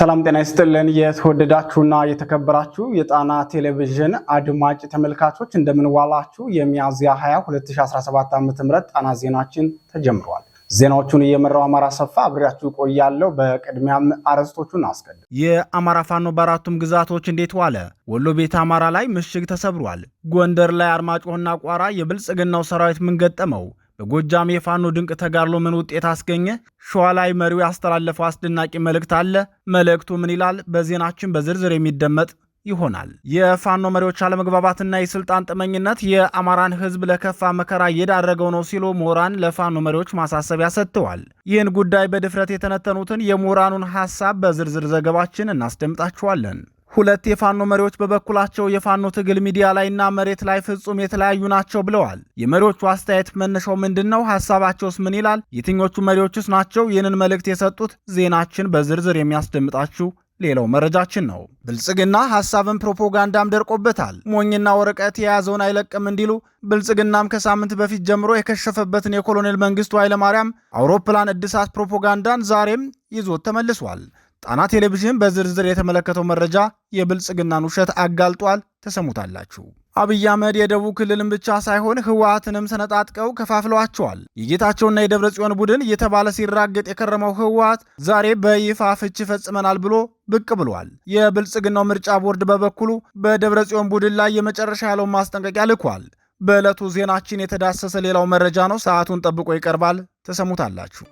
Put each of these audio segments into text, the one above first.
ሰላም ጤና ይስጥልን። የተወደዳችሁና የተከበራችሁ የጣና ቴሌቪዥን አድማጭ ተመልካቾች እንደምንዋላችሁ። የሚያዝያ 20 2017 ዓ.ም ጣና ዜናችን ተጀምሯል። ዜናዎቹን እየመራው አማራ ሰፋ አብሬያችሁ ቆያለሁ። በቅድሚያም አርዕስቶቹን አስቀድም። የአማራ ፋኖ በአራቱም ግዛቶች እንዴት ዋለ? ወሎ ቤት አማራ ላይ ምሽግ ተሰብሯል። ጎንደር ላይ አርማጭሆና ቋራ የብልጽግናው ሰራዊት ምን ገጠመው? በጎጃም የፋኖ ድንቅ ተጋድሎ ምን ውጤት አስገኘ? ሸዋ ላይ መሪው ያስተላለፈው አስደናቂ መልእክት አለ። መልእክቱ ምን ይላል? በዜናችን በዝርዝር የሚደመጥ ይሆናል። የፋኖ መሪዎች አለመግባባትና የስልጣን ጥመኝነት የአማራን ሕዝብ ለከፋ መከራ እየዳረገው ነው ሲሉ ምሁራን ለፋኖ መሪዎች ማሳሰቢያ ሰጥተዋል። ይህን ጉዳይ በድፍረት የተነተኑትን የምሁራኑን ሀሳብ በዝርዝር ዘገባችን እናስደምጣችኋለን። ሁለት የፋኖ መሪዎች በበኩላቸው የፋኖ ትግል ሚዲያ ላይና መሬት ላይ ፍጹም የተለያዩ ናቸው ብለዋል። የመሪዎቹ አስተያየት መነሻው ምንድን ነው? ሀሳባቸውስ ምን ይላል? የትኞቹ መሪዎችስ ናቸው ይህንን መልእክት የሰጡት? ዜናችን በዝርዝር የሚያስደምጣችሁ ሌላው መረጃችን ነው። ብልጽግና ሀሳብን ፕሮፓጋንዳም ደርቆበታል። ሞኝና ወረቀት የያዘውን አይለቅም እንዲሉ ብልጽግናም ከሳምንት በፊት ጀምሮ የከሸፈበትን የኮሎኔል መንግስቱ ኃይለማርያም አውሮፕላን እድሳት ፕሮፓጋንዳን ዛሬም ይዞት ተመልሷል። ጣና ቴሌቪዥን በዝርዝር የተመለከተው መረጃ የብልጽግናን ውሸት አጋልጧል። ተሰሙታላችሁ። አብይ አህመድ የደቡብ ክልልን ብቻ ሳይሆን ህወሓትንም ሰነጣጥቀው ከፋፍለዋቸዋል። የጌታቸውና የደብረ ጽዮን ቡድን እየተባለ ሲራገጥ የከረመው ህወሓት ዛሬ በይፋ ፍች ፈጽመናል ብሎ ብቅ ብሏል። የብልጽግናው ምርጫ ቦርድ በበኩሉ በደብረ ጽዮን ቡድን ላይ የመጨረሻ ያለውን ማስጠንቀቂያ ልኳል። በዕለቱ ዜናችን የተዳሰሰ ሌላው መረጃ ነው። ሰዓቱን ጠብቆ ይቀርባል። ተሰሙታላችሁ።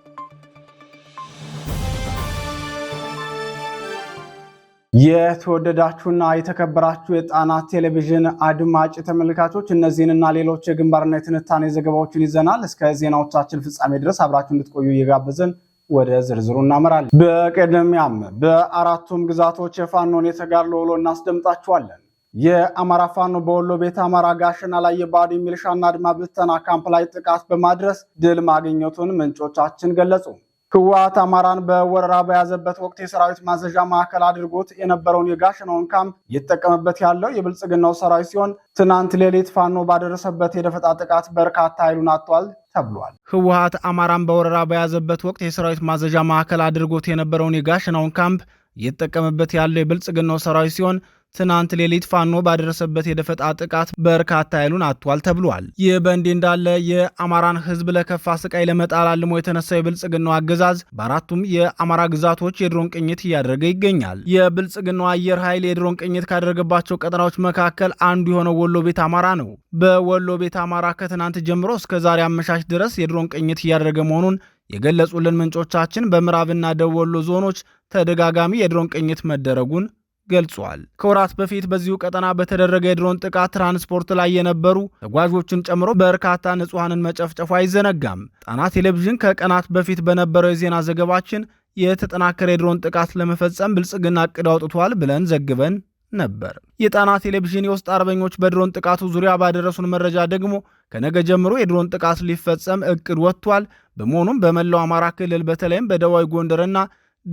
የተወደዳችሁና የተከበራችሁ የጣና ቴሌቪዥን አድማጭ ተመልካቾች እነዚህንና ሌሎች የግንባርና የትንታኔ ዘገባዎችን ይዘናል። እስከ ዜናዎቻችን ፍጻሜ ድረስ አብራችሁ እንድትቆዩ እየጋበዘን ወደ ዝርዝሩ እናመራለን። በቅድሚያም በአራቱም ግዛቶች የፋኖን የተጋድሎ ውሎ እናስደምጣችኋለን። የአማራ ፋኖ በወሎ ቤት አማራ ጋሸና ላይ የባዱ ሚልሻና አድማ ብተና ካምፕ ላይ ጥቃት በማድረስ ድል ማግኘቱን ምንጮቻችን ገለጹ። ህወሓት አማራን በወረራ በያዘበት ወቅት የሰራዊት ማዘዣ ማዕከል አድርጎት የነበረውን የጋሸናውን ካምፕ እየተጠቀመበት ያለው የብልጽግናው ሰራዊት ሲሆን ትናንት ሌሊት ፋኖ ባደረሰበት የደፈጣ ጥቃት በርካታ ኃይሉን አጥቷል ተብሏል። ህወሓት አማራን በወረራ በያዘበት ወቅት የሰራዊት ማዘዣ ማዕከል አድርጎት የነበረውን የጋሸናውን ካምፕ እየተጠቀመበት ያለው የብልጽግናው ሰራዊት ሲሆን ትናንት ሌሊት ፋኖ ባደረሰበት የደፈጣ ጥቃት በርካታ ኃይሉን አጥቷል ተብሏል። ይህ በእንዲህ እንዳለ የአማራን ህዝብ ለከፋ ስቃይ ለመጣል አልሞ የተነሳው የብልጽግናው አገዛዝ በአራቱም የአማራ ግዛቶች የድሮን ቅኝት እያደረገ ይገኛል። የብልጽግናው አየር ኃይል የድሮን ቅኝት ካደረገባቸው ቀጠናዎች መካከል አንዱ የሆነው ወሎ ቤት አማራ ነው። በወሎ ቤት አማራ ከትናንት ጀምሮ እስከ ዛሬ አመሻሽ ድረስ የድሮን ቅኝት እያደረገ መሆኑን የገለጹልን ምንጮቻችን በምዕራብና ደቡብ ወሎ ዞኖች ተደጋጋሚ የድሮን ቅኝት መደረጉን ገልጿል። ከወራት በፊት በዚሁ ቀጠና በተደረገ የድሮን ጥቃት ትራንስፖርት ላይ የነበሩ ተጓዦችን ጨምሮ በርካታ ንጹሐንን መጨፍጨፉ አይዘነጋም። ጣና ቴሌቪዥን ከቀናት በፊት በነበረው የዜና ዘገባችን የተጠናከረ የድሮን ጥቃት ለመፈጸም ብልጽግና እቅድ አውጥቷል ብለን ዘግበን ነበር። የጣና ቴሌቪዥን የውስጥ አርበኞች በድሮን ጥቃቱ ዙሪያ ባደረሱን መረጃ ደግሞ ከነገ ጀምሮ የድሮን ጥቃት ሊፈጸም እቅድ ወጥቷል። በመሆኑም በመላው አማራ ክልል በተለይም በደቡባዊ ጎንደርና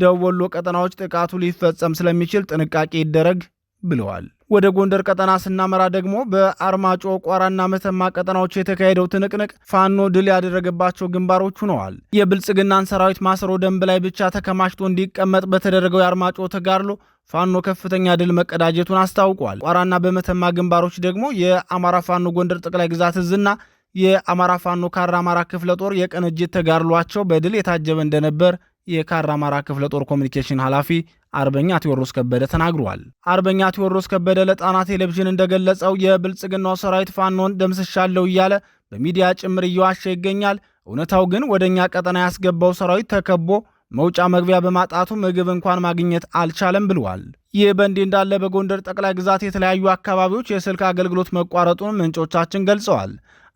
ደቡብ ወሎ ቀጠናዎች ጥቃቱ ሊፈጸም ስለሚችል ጥንቃቄ ይደረግ ብለዋል። ወደ ጎንደር ቀጠና ስናመራ ደግሞ በአርማጮ ቋራና መተማ ቀጠናዎች የተካሄደው ትንቅንቅ ፋኖ ድል ያደረገባቸው ግንባሮች ሆነዋል። የብልጽግናን ሰራዊት ማሰሮ ደንብ ላይ ብቻ ተከማችቶ እንዲቀመጥ በተደረገው የአርማጮ ተጋድሎ ፋኖ ከፍተኛ ድል መቀዳጀቱን አስታውቋል። ቋራና በመተማ ግንባሮች ደግሞ የአማራ ፋኖ ጎንደር ጠቅላይ ግዛት እዝና የአማራ ፋኖ ካራ አማራ ክፍለ ጦር የቅንጅት ተጋድሏቸው በድል የታጀበ እንደነበር የካራማራ ክፍለ ጦር ኮሚኒኬሽን ኃላፊ አርበኛ ቴዎድሮስ ከበደ ተናግረዋል። አርበኛ ቴዎድሮስ ከበደ ለጣና ቴሌቪዥን እንደገለጸው የብልጽግናው ሰራዊት ፋኖን ደምስሻለሁ እያለ በሚዲያ ጭምር እየዋሸ ይገኛል። እውነታው ግን ወደ እኛ ቀጠና ያስገባው ሰራዊት ተከቦ መውጫ መግቢያ በማጣቱ ምግብ እንኳን ማግኘት አልቻለም ብለዋል። ይህ በእንዲህ እንዳለ በጎንደር ጠቅላይ ግዛት የተለያዩ አካባቢዎች የስልክ አገልግሎት መቋረጡን ምንጮቻችን ገልጸዋል።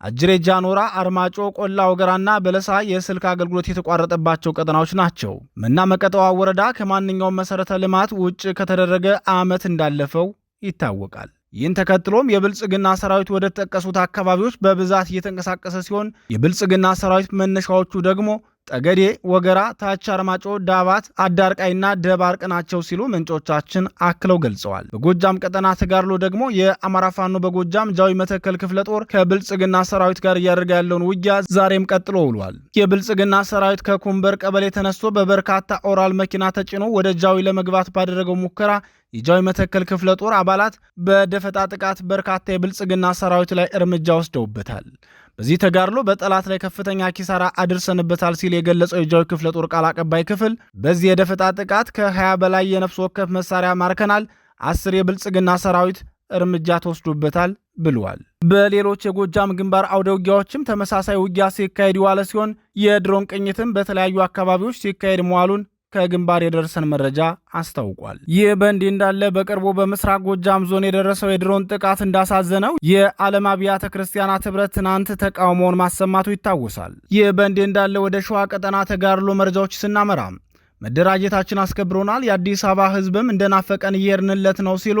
አጅሬጃ ጃኖራ፣ አርማጮ፣ ቆላ ወገራና በለሳ የስልክ አገልግሎት የተቋረጠባቸው ቀጠናዎች ናቸው። መና መቀጠዋ ወረዳ ከማንኛውም መሰረተ ልማት ውጭ ከተደረገ ዓመት እንዳለፈው ይታወቃል። ይህን ተከትሎም የብልጽግና ሰራዊት ወደ ተጠቀሱት አካባቢዎች በብዛት እየተንቀሳቀሰ ሲሆን የብልጽግና ሰራዊት መነሻዎቹ ደግሞ ጠገዴ፣ ወገራ፣ ታች አርማጮ፣ ዳባት፣ አዳርቃይና ደባርቅ ናቸው ሲሉ ምንጮቻችን አክለው ገልጸዋል። በጎጃም ቀጠና ተጋድሎ ደግሞ የአማራ ፋኖ በጎጃም ጃዊ መተከል ክፍለ ጦር ከብልጽግና ሰራዊት ጋር እያደረገ ያለውን ውጊያ ዛሬም ቀጥሎ ውሏል። የብልጽግና ሰራዊት ከኩምበር ቀበሌ ተነስቶ በበርካታ ኦራል መኪና ተጭኖ ወደ ጃዊ ለመግባት ባደረገው ሙከራ የጃዊ መተከል ክፍለ ጦር አባላት በደፈጣ ጥቃት በርካታ የብልጽግና ሰራዊት ላይ እርምጃ ወስደውበታል። በዚህ ተጋድሎ በጠላት ላይ ከፍተኛ ኪሳራ አድርሰንበታል ሲል የገለጸው የጃዊ ክፍለ ጦር ቃል አቀባይ ክፍል በዚህ የደፈጣ ጥቃት ከ20 በላይ የነፍስ ወከፍ መሳሪያ ማርከናል፣ አስር የብልጽግና ሰራዊት እርምጃ ተወስዶበታል ብለዋል። በሌሎች የጎጃም ግንባር አውደ ውጊያዎችም ተመሳሳይ ውጊያ ሲካሄድ የዋለ ሲሆን የድሮን ቅኝትም በተለያዩ አካባቢዎች ሲካሄድ መዋሉን ከግንባር የደረሰን መረጃ አስታውቋል። ይህ በእንዲህ እንዳለ በቅርቡ በምስራቅ ጎጃም ዞን የደረሰው የድሮን ጥቃት እንዳሳዘነው የዓለም አብያተ ክርስቲያናት ህብረት ትናንት ተቃውሞውን ማሰማቱ ይታወሳል። ይህ በእንዲህ እንዳለ ወደ ሸዋ ቀጠና ተጋድሎ መረጃዎች ስናመራ መደራጀታችን አስከብሮናል፣ የአዲስ አበባ ህዝብም እንደናፈቀን እየሄድንለት ነው ሲሉ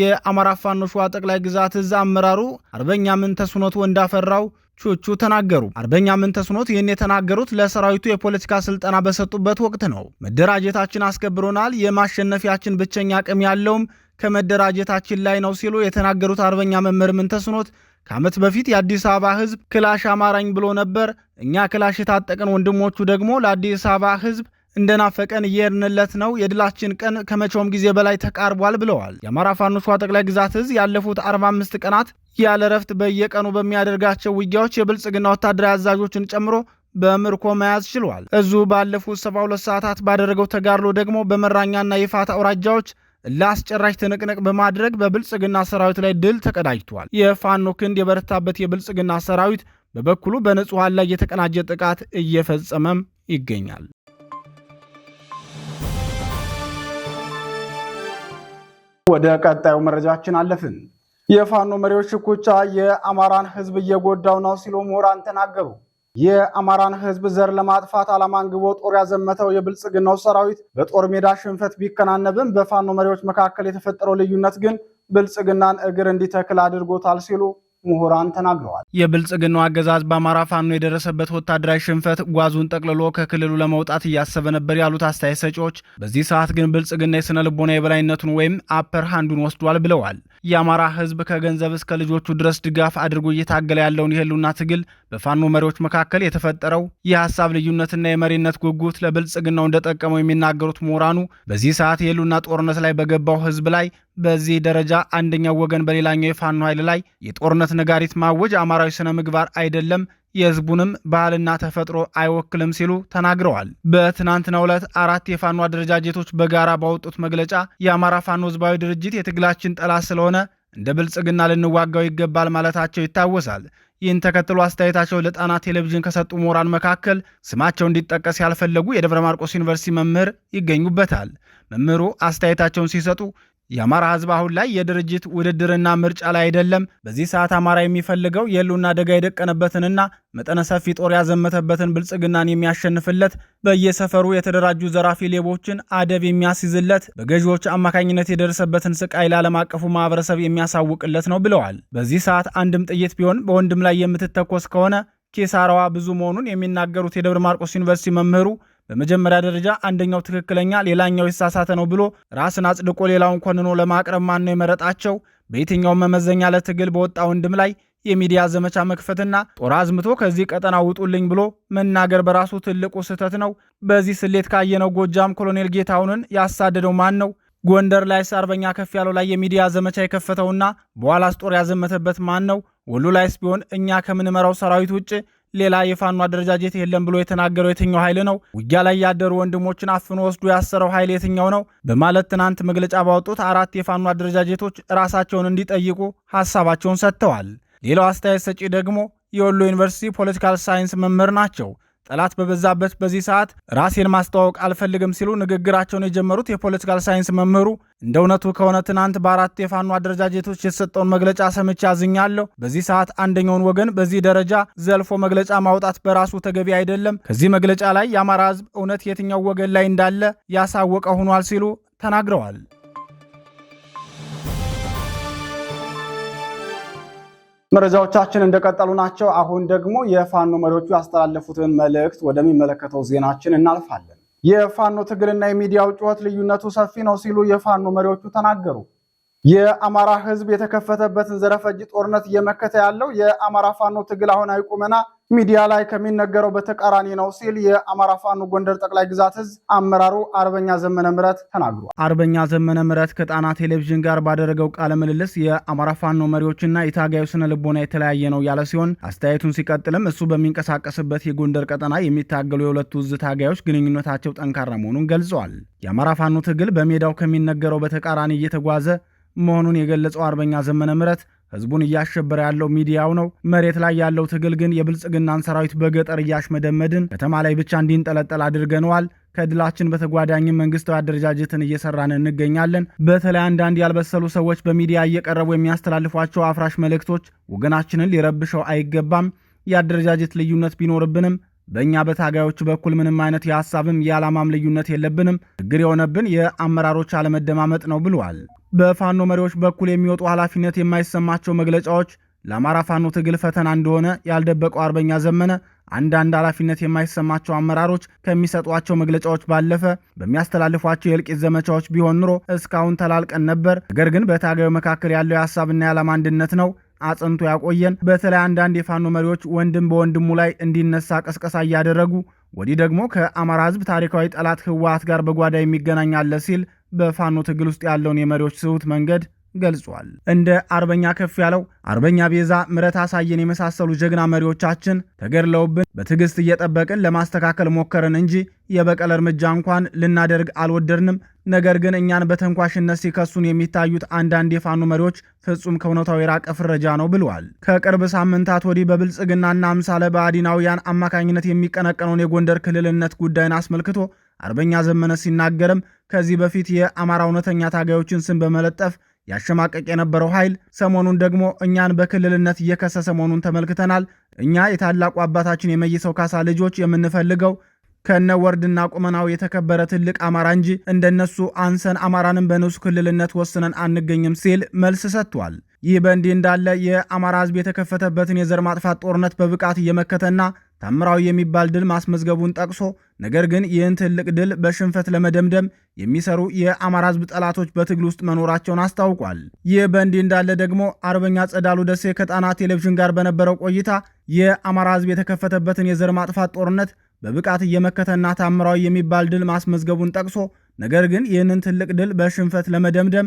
የአማራ ፋኖ ሸዋ ጠቅላይ ግዛት እዝ አመራሩ አርበኛ ምንተስኖት እንዳፈራው ቹቹ ተናገሩ። አርበኛ ተስኖት ይህን የተናገሩት ለሰራዊቱ የፖለቲካ ስልጠና በሰጡበት ወቅት ነው። መደራጀታችን አስከብሮናል። የማሸነፊያችን ብቸኛ አቅም ያለውም ከመደራጀታችን ላይ ነው ሲሉ የተናገሩት አርበኛ መምህር ተስኖት ከዓመት በፊት የአዲስ አበባ ህዝብ ክላሽ አማራኝ ብሎ ነበር። እኛ ክላሽ የታጠቅን ወንድሞቹ ደግሞ ለአዲስ አበባ ህዝብ እንደናፈቀን እየሄድንለት ነው። የድላችን ቀን ከመቼውም ጊዜ በላይ ተቃርቧል ብለዋል። የአማራ ፋኖ ሸዋ ጠቅላይ ግዛት እዝ ያለፉት 45 ቀናት ያለ እረፍት በየቀኑ በሚያደርጋቸው ውጊያዎች የብልጽግና ወታደራዊ አዛዦችን ጨምሮ በምርኮ መያዝ ችሏል። እዙ ባለፉት 72 ሰዓታት ባደረገው ተጋድሎ ደግሞ በመራኛና የፋታ አውራጃዎች ለአስጨራሽ ትንቅንቅ በማድረግ በብልጽግና ሰራዊት ላይ ድል ተቀዳጅቷል። የፋኖ ክንድ የበረታበት የብልጽግና ሰራዊት በበኩሉ በንጹሐን ላይ የተቀናጀ ጥቃት እየፈጸመም ይገኛል። ወደ ቀጣዩ መረጃችን አለፍን። የፋኖ መሪዎች ሽኩቻ የአማራን ህዝብ እየጎዳው ነው ሲሉ ምሁራን ተናገሩ። የአማራን ህዝብ ዘር ለማጥፋት ዓላማ አንግቦ ጦር ያዘመተው የብልጽግናው ሰራዊት በጦር ሜዳ ሽንፈት ቢከናነብም በፋኖ መሪዎች መካከል የተፈጠረው ልዩነት ግን ብልጽግናን እግር እንዲተክል አድርጎታል ሲሉ ምሁራን ተናግረዋል። የብልጽግናው አገዛዝ በአማራ ፋኖ የደረሰበት ወታደራዊ ሽንፈት ጓዙን ጠቅልሎ ከክልሉ ለመውጣት እያሰበ ነበር ያሉት አስተያየት ሰጪዎች፣ በዚህ ሰዓት ግን ብልጽግና የስነ ልቦና የበላይነቱን ወይም አፐር ሃንዱን ወስዷል ብለዋል። የአማራ ህዝብ ከገንዘብ እስከ ልጆቹ ድረስ ድጋፍ አድርጎ እየታገለ ያለውን የህልውና ትግል በፋኖ መሪዎች መካከል የተፈጠረው የሀሳብ ልዩነትና የመሪነት ጉጉት ለብልጽግናው እንደጠቀመው የሚናገሩት ምሁራኑ በዚህ ሰዓት የህልውና ጦርነት ላይ በገባው ህዝብ ላይ በዚህ ደረጃ አንደኛው ወገን በሌላኛው የፋኖ ኃይል ላይ የጦርነት ነጋሪት ማወጅ አማራዊ ስነ ምግባር አይደለም፣ የህዝቡንም ባህልና ተፈጥሮ አይወክልም ሲሉ ተናግረዋል። በትናንትናው ዕለት አራት የፋኖ አደረጃጀቶች በጋራ ባወጡት መግለጫ የአማራ ፋኖ ህዝባዊ ድርጅት የትግላችን ጠላት ስለሆነ እንደ ብልጽግና ልንዋጋው ይገባል ማለታቸው ይታወሳል። ይህን ተከትሎ አስተያየታቸው ለጣና ቴሌቪዥን ከሰጡ ምሁራን መካከል ስማቸው እንዲጠቀስ ያልፈለጉ የደብረ ማርቆስ ዩኒቨርሲቲ መምህር ይገኙበታል። መምህሩ አስተያየታቸውን ሲሰጡ የአማራ ህዝብ አሁን ላይ የድርጅት ውድድርና ምርጫ ላይ አይደለም። በዚህ ሰዓት አማራ የሚፈልገው የሉና አደጋ የደቀነበትንና መጠነ ሰፊ ጦር ያዘመተበትን ብልጽግናን የሚያሸንፍለት፣ በየሰፈሩ የተደራጁ ዘራፊ ሌቦችን አደብ የሚያስይዝለት፣ በገዢዎች አማካኝነት የደረሰበትን ስቃይ ለዓለም አቀፉ ማህበረሰብ የሚያሳውቅለት ነው ብለዋል። በዚህ ሰዓት አንድም ጥይት ቢሆን በወንድም ላይ የምትተኮስ ከሆነ ኪሳራዋ ብዙ መሆኑን የሚናገሩት የደብረ ማርቆስ ዩኒቨርሲቲ መምህሩ በመጀመሪያ ደረጃ አንደኛው ትክክለኛ፣ ሌላኛው የተሳሳተ ነው ብሎ ራስን አጽድቆ ሌላውን ኮንኖ ለማቅረብ ማን ነው የመረጣቸው? በየትኛውም መመዘኛ ለትግል በወጣ ወንድም ላይ የሚዲያ ዘመቻ መክፈትና ጦር አዝምቶ ከዚህ ቀጠና ውጡልኝ ብሎ መናገር በራሱ ትልቁ ስህተት ነው። በዚህ ስሌት ካየነው ጎጃም ኮሎኔል ጌታሁንን ያሳደደው ማን ነው? ጎንደር ላይ አርበኛ ከፍ ያለው ላይ የሚዲያ ዘመቻ የከፈተውና በኋላስ ጦር ያዘመተበት ማን ነው? ወሎ ላይስ ቢሆን እኛ ከምንመራው ሰራዊት ውጭ ሌላ የፋኖ አደረጃጀት የለም ብሎ የተናገረው የትኛው ኃይል ነው? ውጊያ ላይ ያደሩ ወንድሞችን አፍኖ ወስዶ ያሰረው ኃይል የትኛው ነው? በማለት ትናንት መግለጫ ባወጡት አራት የፋኖ አደረጃጀቶች ራሳቸውን እንዲጠይቁ ሀሳባቸውን ሰጥተዋል። ሌላው አስተያየት ሰጪ ደግሞ የወሎ ዩኒቨርሲቲ ፖለቲካል ሳይንስ መምህር ናቸው። ጠላት በበዛበት በዚህ ሰዓት ራሴን ማስተዋወቅ አልፈልግም ሲሉ ንግግራቸውን የጀመሩት የፖለቲካል ሳይንስ መምህሩ እንደ እውነቱ ከሆነ ትናንት በአራት የፋኖ አደረጃጀቶች የተሰጠውን መግለጫ ሰምቼ አዝኛለሁ። በዚህ ሰዓት አንደኛውን ወገን በዚህ ደረጃ ዘልፎ መግለጫ ማውጣት በራሱ ተገቢ አይደለም። ከዚህ መግለጫ ላይ የአማራ ሕዝብ እውነት የትኛው ወገን ላይ እንዳለ ያሳወቀ ሆኗል ሲሉ ተናግረዋል። መረጃዎቻችን እንደቀጠሉ ናቸው። አሁን ደግሞ የፋኖ መሪዎቹ ያስተላለፉትን መልእክት ወደሚመለከተው ዜናችን እናልፋለን። የፋኖ ትግልና የሚዲያው ጩኸት ልዩነቱ ሰፊ ነው ሲሉ የፋኖ መሪዎቹ ተናገሩ። የአማራ ሕዝብ የተከፈተበትን ዘረፈጅ ጦርነት እየመከተ ያለው የአማራ ፋኖ ትግል አሁን አይቁመና ሚዲያ ላይ ከሚነገረው በተቃራኒ ነው ሲል የአማራ ፋኖ ጎንደር ጠቅላይ ግዛት እዝ አመራሩ አርበኛ ዘመነ ምረት ተናግሯል። አርበኛ ዘመነ ምረት ከጣና ቴሌቪዥን ጋር ባደረገው ቃለ ምልልስ የአማራ ፋኖ መሪዎችና የታጋዩ ስነ ልቦና የተለያየ ነው ያለ ሲሆን አስተያየቱን ሲቀጥልም እሱ በሚንቀሳቀስበት የጎንደር ቀጠና የሚታገሉ የሁለቱ እዝ ታጋዮች ግንኙነታቸው ጠንካራ መሆኑን ገልጸዋል። የአማራ ፋኖ ትግል በሜዳው ከሚነገረው በተቃራኒ እየተጓዘ መሆኑን የገለጸው አርበኛ ዘመነ ምረት ህዝቡን እያሸበረ ያለው ሚዲያው ነው። መሬት ላይ ያለው ትግል ግን የብልጽግናን ሰራዊት በገጠር እያሽመደመድን ከተማ ላይ ብቻ እንዲንጠለጠል አድርገነዋል። ከድላችን በተጓዳኝ መንግስታዊ አደረጃጀትን እየሰራን እንገኛለን። በተለይ አንዳንድ ያልበሰሉ ሰዎች በሚዲያ እየቀረቡ የሚያስተላልፏቸው አፍራሽ መልእክቶች ወገናችንን ሊረብሸው አይገባም። የአደረጃጀት ልዩነት ቢኖርብንም በእኛ በታጋዮቹ በኩል ምንም አይነት የሀሳብም የዓላማም ልዩነት የለብንም። ችግር የሆነብን የአመራሮች አለመደማመጥ ነው ብለዋል። በፋኖ መሪዎች በኩል የሚወጡ ኃላፊነት የማይሰማቸው መግለጫዎች ለአማራ ፋኖ ትግል ፈተና እንደሆነ ያልደበቀው አርበኛ ዘመነ አንዳንድ ኃላፊነት የማይሰማቸው አመራሮች ከሚሰጧቸው መግለጫዎች ባለፈ በሚያስተላልፏቸው የእልቂት ዘመቻዎች ቢሆን ኑሮ እስካሁን ተላልቀን ነበር። ነገር ግን በታጋዩ መካከል ያለው የሀሳብና የዓላማ አንድነት ነው አጽንቶ ያቆየን። በተለይ አንዳንድ የፋኖ መሪዎች ወንድም በወንድሙ ላይ እንዲነሳ ቀስቀሳ እያደረጉ ወዲህ ደግሞ ከአማራ ህዝብ ታሪካዊ ጠላት ህወሓት ጋር በጓዳ የሚገናኛለ ሲል በፋኖ ትግል ውስጥ ያለውን የመሪዎች ስሁት መንገድ ገልጿል። እንደ አርበኛ ከፍ ያለው አርበኛ ቤዛ ምረት አሳየን የመሳሰሉ ጀግና መሪዎቻችን ተገድለውብን በትዕግስት እየጠበቅን ለማስተካከል ሞከርን እንጂ የበቀል እርምጃ እንኳን ልናደርግ አልወደድንም። ነገር ግን እኛን በተንኳሽነት ሲከሱን የሚታዩት አንዳንድ የፋኖ መሪዎች ፍጹም ከእውነታው የራቀ ፍረጃ ነው ብለዋል። ከቅርብ ሳምንታት ወዲህ በብልጽግናና አምሳለ ብአዴናውያን አማካኝነት የሚቀነቀነውን የጎንደር ክልልነት ጉዳይን አስመልክቶ አርበኛ ዘመነ ሲናገርም ከዚህ በፊት የአማራ እውነተኛ ታጋዮችን ስም በመለጠፍ ያሸማቀቅ የነበረው ኃይል ሰሞኑን ደግሞ እኛን በክልልነት እየከሰሰ መሆኑን ተመልክተናል። እኛ የታላቁ አባታችን የመይሰው ካሳ ልጆች የምንፈልገው ከነ ወርድና ቁመናው የተከበረ ትልቅ አማራ እንጂ እንደነሱ አንሰን አማራንም በንሱ ክልልነት ወስነን አንገኝም ሲል መልስ ሰጥቷል። ይህ በእንዲህ እንዳለ የአማራ ህዝብ የተከፈተበትን የዘር ማጥፋት ጦርነት በብቃት እየመከተና ታምራዊ የሚባል ድል ማስመዝገቡን ጠቅሶ ነገር ግን ይህን ትልቅ ድል በሽንፈት ለመደምደም የሚሰሩ የአማራ ህዝብ ጠላቶች በትግል ውስጥ መኖራቸውን አስታውቋል። ይህ በእንዲህ እንዳለ ደግሞ አርበኛ ጸዳሉ ደሴ ከጣና ቴሌቪዥን ጋር በነበረው ቆይታ የአማራ ህዝብ የተከፈተበትን የዘር ማጥፋት ጦርነት በብቃት እየመከተና ታምራዊ የሚባል ድል ማስመዝገቡን ጠቅሶ ነገር ግን ይህንን ትልቅ ድል በሽንፈት ለመደምደም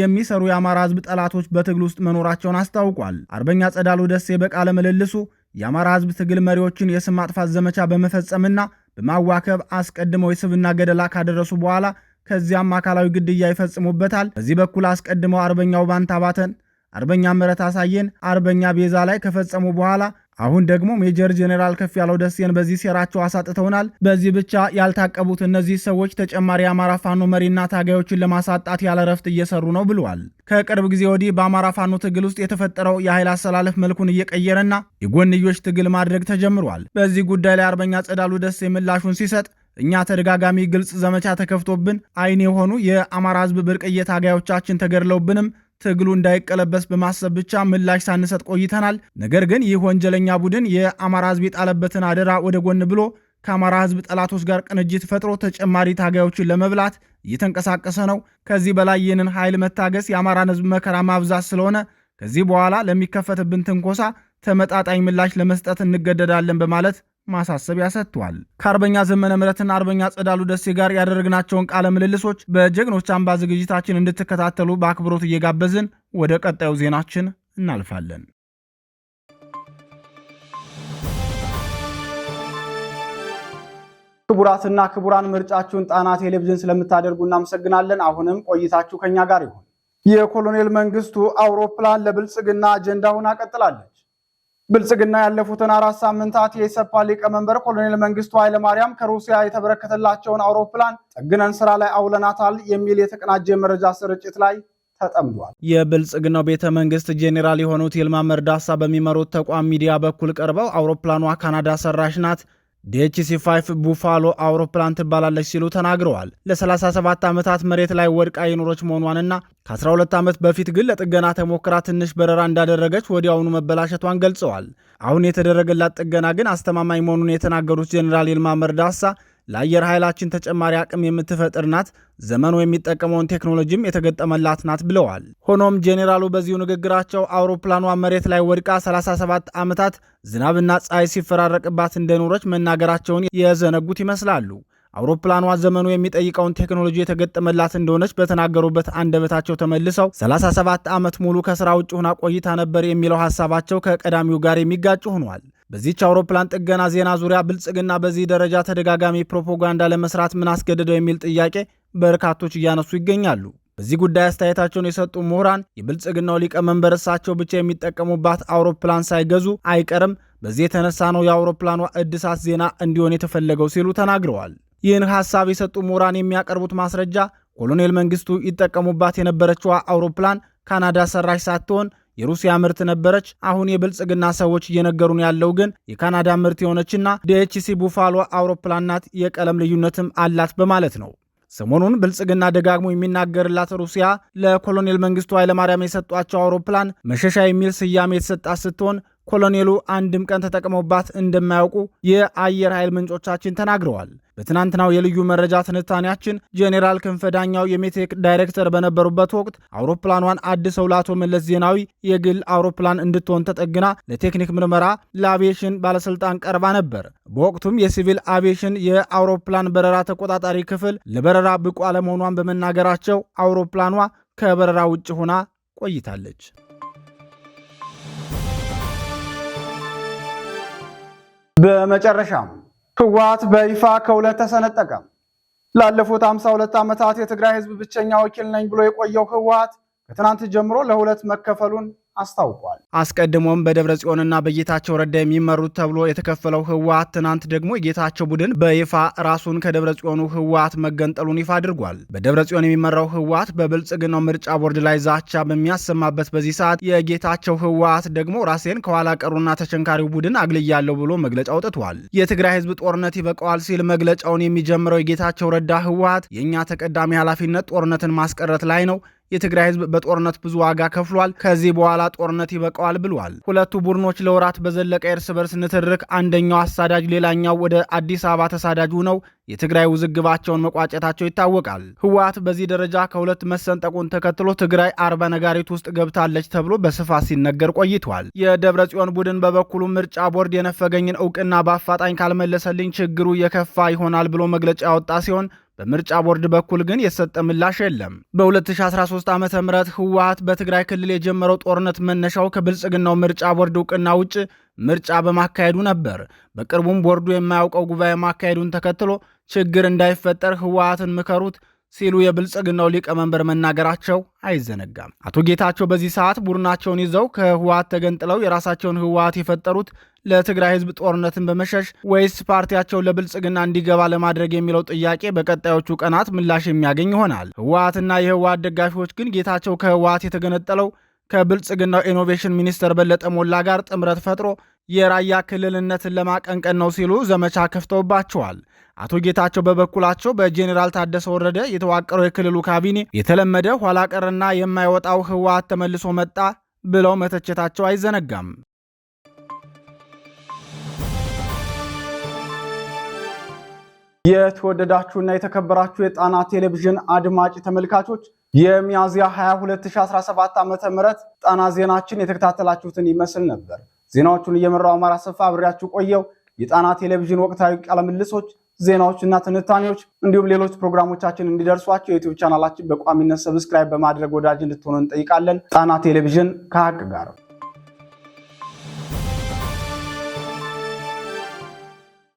የሚሰሩ የአማራ ህዝብ ጠላቶች በትግል ውስጥ መኖራቸውን አስታውቋል። አርበኛ ጸዳሉ ደሴ በቃለ ምልልሱ የአማራ ህዝብ ትግል መሪዎችን የስም ማጥፋት ዘመቻ በመፈጸምና በማዋከብ አስቀድመው የስብና ገደላ ካደረሱ በኋላ ከዚያም አካላዊ ግድያ ይፈጽሙበታል። በዚህ በኩል አስቀድመው አርበኛው ባንታባተን፣ አርበኛ ምረት አሳየን፣ አርበኛ ቤዛ ላይ ከፈጸሙ በኋላ አሁን ደግሞ ሜጀር ጄኔራል ከፍ ያለው ደሴን በዚህ ሴራቸው አሳጥተውናል። በዚህ ብቻ ያልታቀቡት እነዚህ ሰዎች ተጨማሪ የአማራ ፋኖ መሪና ታጋዮችን ለማሳጣት ያለ ረፍት እየሰሩ ነው ብለዋል። ከቅርብ ጊዜ ወዲህ በአማራ ፋኖ ትግል ውስጥ የተፈጠረው የኃይል አሰላለፍ መልኩን እየቀየረና የጎንዮሽ ትግል ማድረግ ተጀምሯል። በዚህ ጉዳይ ላይ አርበኛ ጸዳሉ ደሴ ምላሹን ሲሰጥ እኛ ተደጋጋሚ ግልጽ ዘመቻ ተከፍቶብን አይን የሆኑ የአማራ ሕዝብ ብርቅዬ ታጋዮቻችን ተገድለውብንም ትግሉ እንዳይቀለበስ በማሰብ ብቻ ምላሽ ሳንሰጥ ቆይተናል። ነገር ግን ይህ ወንጀለኛ ቡድን የአማራ ህዝብ የጣለበትን አደራ ወደ ጎን ብሎ ከአማራ ህዝብ ጠላቶች ጋር ቅንጅት ፈጥሮ ተጨማሪ ታጋዮችን ለመብላት እየተንቀሳቀሰ ነው። ከዚህ በላይ ይህንን ኃይል መታገስ የአማራን ህዝብ መከራ ማብዛት ስለሆነ ከዚህ በኋላ ለሚከፈትብን ትንኮሳ ተመጣጣኝ ምላሽ ለመስጠት እንገደዳለን በማለት ማሳሰቢያ ሰጥቷል። ከአርበኛ ዘመነ ምረትና አርበኛ ጸዳሉ ደሴ ጋር ያደረግናቸውን ቃለ ምልልሶች በጀግኖች አምባ ዝግጅታችን እንድትከታተሉ በአክብሮት እየጋበዝን ወደ ቀጣዩ ዜናችን እናልፋለን። ክቡራትና ክቡራን ምርጫችሁን ጣና ቴሌቪዥን ስለምታደርጉ እናመሰግናለን። አሁንም ቆይታችሁ ከኛ ጋር ይሁን። የኮሎኔል መንግስቱ አውሮፕላን ለብልጽግና አጀንዳ ሆና ቀጥላለች። ብልጽግና ያለፉትን አራት ሳምንታት የኢሰፓ ሊቀመንበር ኮሎኔል መንግስቱ ኃይለማርያም ከሩሲያ የተበረከተላቸውን አውሮፕላን ጠግነን ስራ ላይ አውለናታል የሚል የተቀናጀ መረጃ ስርጭት ላይ ተጠምዷል። የብልጽግናው ቤተ መንግስት ጄኔራል የሆኑት ይልማ መርዳሳ በሚመሩት ተቋም ሚዲያ በኩል ቀርበው አውሮፕላኗ ካናዳ ሰራሽ ናት ዲኤችሲ5 ቡፋሎ አውሮፕላን ትባላለች ሲሉ ተናግረዋል። ለ37 ዓመታት መሬት ላይ ወድቃ የኖሮች መሆኗንና ከ12 ዓመት በፊት ግን ለጥገና ተሞክራ ትንሽ በረራ እንዳደረገች ወዲያውኑ መበላሸቷን ገልጸዋል። አሁን የተደረገላት ጥገና ግን አስተማማኝ መሆኑን የተናገሩት ጀኔራል ይልማ መርዳሳ ለአየር ኃይላችን ተጨማሪ አቅም የምትፈጥር ናት፣ ዘመኑ የሚጠቀመውን ቴክኖሎጂም የተገጠመላት ናት ብለዋል። ሆኖም ጄኔራሉ በዚሁ ንግግራቸው አውሮፕላኗ መሬት ላይ ወድቃ 37 ዓመታት ዝናብና ፀሐይ ሲፈራረቅባት እንደኖረች መናገራቸውን የዘነጉት ይመስላሉ። አውሮፕላኗ ዘመኑ የሚጠይቀውን ቴክኖሎጂ የተገጠመላት እንደሆነች በተናገሩበት አንደበታቸው ተመልሰው 37 ዓመት ሙሉ ከስራ ውጭ ሆና ቆይታ ነበር የሚለው ሀሳባቸው ከቀዳሚው ጋር የሚጋጭ ሆኗል። በዚች አውሮፕላን ጥገና ዜና ዙሪያ ብልጽግና በዚህ ደረጃ ተደጋጋሚ ፕሮፓጋንዳ ለመስራት ምን አስገደደው የሚል ጥያቄ በርካቶች እያነሱ ይገኛሉ። በዚህ ጉዳይ አስተያየታቸውን የሰጡ ምሁራን የብልጽግናው ሊቀመንበር እሳቸው ብቻ የሚጠቀሙባት አውሮፕላን ሳይገዙ አይቀርም፣ በዚህ የተነሳ ነው የአውሮፕላኗ እድሳት ዜና እንዲሆን የተፈለገው ሲሉ ተናግረዋል። ይህን ሐሳብ የሰጡ ምሁራን የሚያቀርቡት ማስረጃ ኮሎኔል መንግስቱ ይጠቀሙባት የነበረችዋ አውሮፕላን ካናዳ ሰራሽ ሳትሆን የሩሲያ ምርት ነበረች። አሁን የብልጽግና ሰዎች እየነገሩን ያለው ግን የካናዳ ምርት የሆነችና ዲኤችሲ ቡፋሎ አውሮፕላን ናት፣ የቀለም ልዩነትም አላት በማለት ነው። ሰሞኑን ብልጽግና ደጋግሞ የሚናገርላት ሩሲያ ለኮሎኔል መንግስቱ ኃይለማርያም የሰጧቸው አውሮፕላን መሸሻ የሚል ስያሜ የተሰጣት ስትሆን ኮሎኔሉ አንድም ቀን ተጠቅመውባት እንደማያውቁ የአየር ኃይል ምንጮቻችን ተናግረዋል። በትናንትናው የልዩ መረጃ ትንታኔያችን ጄኔራል ክንፈ ዳኛው የሜቴክ ዳይሬክተር በነበሩበት ወቅት አውሮፕላኗን አድሰው ለአቶ መለስ ዜናዊ የግል አውሮፕላን እንድትሆን ተጠግና ለቴክኒክ ምርመራ ለአቪዬሽን ባለስልጣን ቀርባ ነበር። በወቅቱም የሲቪል አቪዬሽን የአውሮፕላን በረራ ተቆጣጣሪ ክፍል ለበረራ ብቁ አለመሆኗን በመናገራቸው አውሮፕላኗ ከበረራ ውጭ ሆና ቆይታለች። በመጨረሻም ህወሓት በይፋ ከሁለት ተሰነጠቀ። ላለፉት 52 ዓመታት የትግራይ ህዝብ ብቸኛ ወኪል ነኝ ብሎ የቆየው ህወሓት ከትናንት ጀምሮ ለሁለት መከፈሉን አስታውቋል። አስቀድሞም በደብረ ጽዮንና በጌታቸው ረዳ የሚመሩት ተብሎ የተከፈለው ህወሓት ትናንት ደግሞ የጌታቸው ቡድን በይፋ ራሱን ከደብረ ጽዮኑ ህወሓት መገንጠሉን ይፋ አድርጓል። በደብረ ጽዮን የሚመራው ህወሓት በብልጽግናው ምርጫ ቦርድ ላይ ዛቻ በሚያሰማበት በዚህ ሰዓት የጌታቸው ህወሓት ደግሞ ራሴን ከኋላ ቀሩና ተቸንካሪው ቡድን አግልያለሁ ብሎ መግለጫ አውጥቷል። የትግራይ ህዝብ ጦርነት ይበቀዋል ሲል መግለጫውን የሚጀምረው የጌታቸው ረዳ ህወሓት የእኛ ተቀዳሚ ኃላፊነት ጦርነትን ማስቀረት ላይ ነው የትግራይ ህዝብ በጦርነት ብዙ ዋጋ ከፍሏል፣ ከዚህ በኋላ ጦርነት ይበቃዋል ብሏል። ሁለቱ ቡድኖች ለወራት በዘለቀ የእርስ በርስ ንትርክ አንደኛው አሳዳጅ፣ ሌላኛው ወደ አዲስ አበባ ተሳዳጅ ነው የትግራይ ውዝግባቸውን መቋጨታቸው ይታወቃል። ህወሓት በዚህ ደረጃ ከሁለት መሰንጠቁን ተከትሎ ትግራይ አርባ ነጋሪት ውስጥ ገብታለች ተብሎ በስፋት ሲነገር ቆይቷል። የደብረ ጽዮን ቡድን በበኩሉ ምርጫ ቦርድ የነፈገኝን እውቅና በአፋጣኝ ካልመለሰልኝ ችግሩ የከፋ ይሆናል ብሎ መግለጫ ያወጣ ሲሆን በምርጫ ቦርድ በኩል ግን የተሰጠ ምላሽ የለም። በ2013 ዓ ም ህወሀት በትግራይ ክልል የጀመረው ጦርነት መነሻው ከብልጽግናው ምርጫ ቦርድ እውቅና ውጭ ምርጫ በማካሄዱ ነበር። በቅርቡም ቦርዱ የማያውቀው ጉባኤ ማካሄዱን ተከትሎ ችግር እንዳይፈጠር ህወሀትን ምከሩት ሲሉ የብልጽግናው ሊቀመንበር መናገራቸው አይዘነጋም። አቶ ጌታቸው በዚህ ሰዓት ቡድናቸውን ይዘው ከህወሀት ተገንጥለው የራሳቸውን ህወሀት የፈጠሩት ለትግራይ ህዝብ ጦርነትን በመሸሽ ወይስ ፓርቲያቸው ለብልጽግና እንዲገባ ለማድረግ የሚለው ጥያቄ በቀጣዮቹ ቀናት ምላሽ የሚያገኝ ይሆናል። ህወሀትና የህወሀት ደጋፊዎች ግን ጌታቸው ከህወሀት የተገነጠለው ከብልጽግናው ኢኖቬሽን ሚኒስተር በለጠ ሞላ ጋር ጥምረት ፈጥሮ የራያ ክልልነትን ለማቀንቀን ነው ሲሉ ዘመቻ ከፍተውባቸዋል። አቶ ጌታቸው በበኩላቸው በጄኔራል ታደሰ ወረደ የተዋቀረው የክልሉ ካቢኔ የተለመደ ኋላ ቀርና የማይወጣው ህወሀት ተመልሶ መጣ ብለው መተቸታቸው አይዘነጋም። የተወደዳችሁና የተከበራችሁ የጣና ቴሌቪዥን አድማጭ ተመልካቾች የሚያዝያ 22 2017 ዓ ም ጣና ዜናችን የተከታተላችሁትን ይመስል ነበር። ዜናዎቹን እየመራው አማራ ሰፋ አብሬያችሁ ቆየው። የጣና ቴሌቪዥን ወቅታዊ ቃለምልሶች፣ ዜናዎችና ትንታኔዎች እንዲሁም ሌሎች ፕሮግራሞቻችን እንዲደርሷቸው የዩትዩብ ቻናላችን በቋሚነት ሰብስክራይብ በማድረግ ወዳጅ እንድትሆኑ እንጠይቃለን። ጣና ቴሌቪዥን ከሀቅ ጋር